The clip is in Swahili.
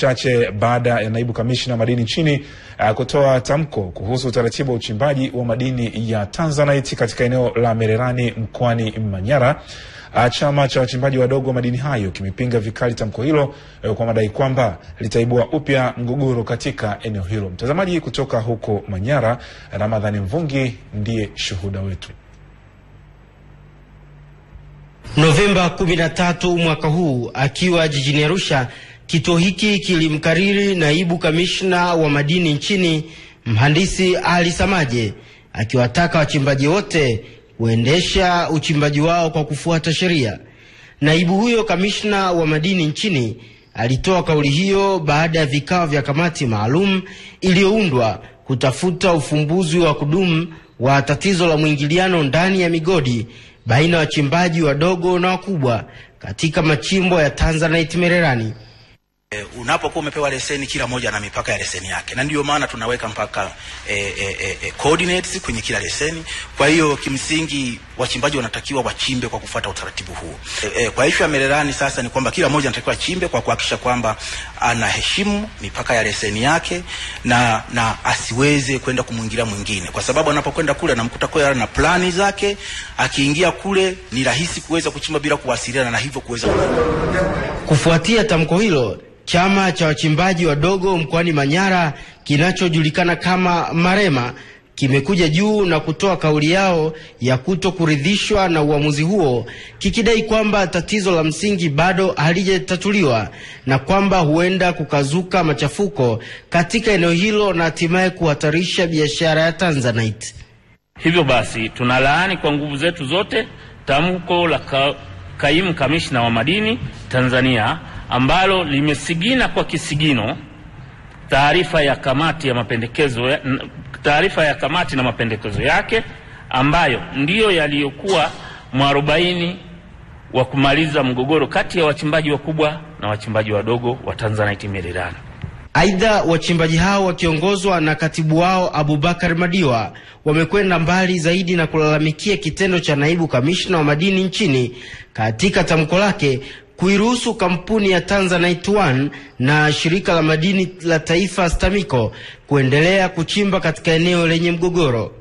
chache baada ya naibu kamishna madini nchini uh, kutoa tamko kuhusu utaratibu wa uchimbaji wa madini ya Tanzanite katika eneo la Mererani mkoani Manyara. Uh, chama cha wachimbaji wadogo wa madini hayo kimepinga vikali tamko hilo uh, kwa madai kwamba litaibua upya mgogoro katika eneo hilo. Mtazamaji kutoka huko Manyara, Ramadhani Mvungi ndiye shuhuda wetu. Novemba 13 mwaka huu, akiwa jijini Arusha Kituo hiki kilimkariri naibu kamishna wa madini nchini mhandisi Ali Samaje akiwataka wachimbaji wote kuendesha uchimbaji wao kwa kufuata sheria. Naibu huyo kamishna wa madini nchini alitoa kauli hiyo baada ya vikao vya kamati maalum iliyoundwa kutafuta ufumbuzi wa kudumu wa tatizo la mwingiliano ndani ya migodi baina ya wachimbaji wadogo na wakubwa katika machimbo ya Tanzanite Mererani. E, unapokuwa umepewa leseni, kila moja na mipaka ya leseni yake, na ndiyo maana tunaweka mpaka e, e, e, e, coordinates kwenye kila leseni. Kwa hiyo kimsingi wachimbaji wanatakiwa wachimbe kwa kufuata utaratibu huo. E, e, kwa ishu ya Mererani sasa ni kwamba kila mmoja anatakiwa achimbe kwa kuhakikisha kwamba anaheshimu mipaka ya leseni yake na, na asiweze kwenda kumwingilia mwingine, kwa sababu anapokwenda kule anamkuta kwa na plani zake, akiingia kule ni rahisi kuweza kuchimba bila kuwasiliana na hivyo kuweza kufuatia tamko hilo Chama cha wachimbaji wadogo mkoani Manyara kinachojulikana kama Marema kimekuja juu na kutoa kauli yao ya kuto kuridhishwa na uamuzi huo, kikidai kwamba tatizo la msingi bado halijatatuliwa na kwamba huenda kukazuka machafuko katika eneo hilo na hatimaye kuhatarisha biashara ya Tanzanite. Hivyo basi, tunalaani kwa nguvu zetu zote tamko la ka, kaimu kamishna wa madini Tanzania ambalo limesigina kwa kisigino taarifa ya kamati ya mapendekezo taarifa ya kamati na mapendekezo yake ambayo ndiyo yaliyokuwa mwarobaini wa kumaliza mgogoro kati ya wachimbaji wakubwa na wachimbaji wadogo wa Tanzanite Mererani. Aidha, wachimbaji hao wakiongozwa na katibu wao Abubakar Madiwa wamekwenda mbali zaidi na kulalamikia kitendo cha naibu kamishna wa madini nchini katika tamko lake kuiruhusu kampuni ya Tanzanite One na shirika la madini la taifa STAMICO kuendelea kuchimba katika eneo lenye mgogoro.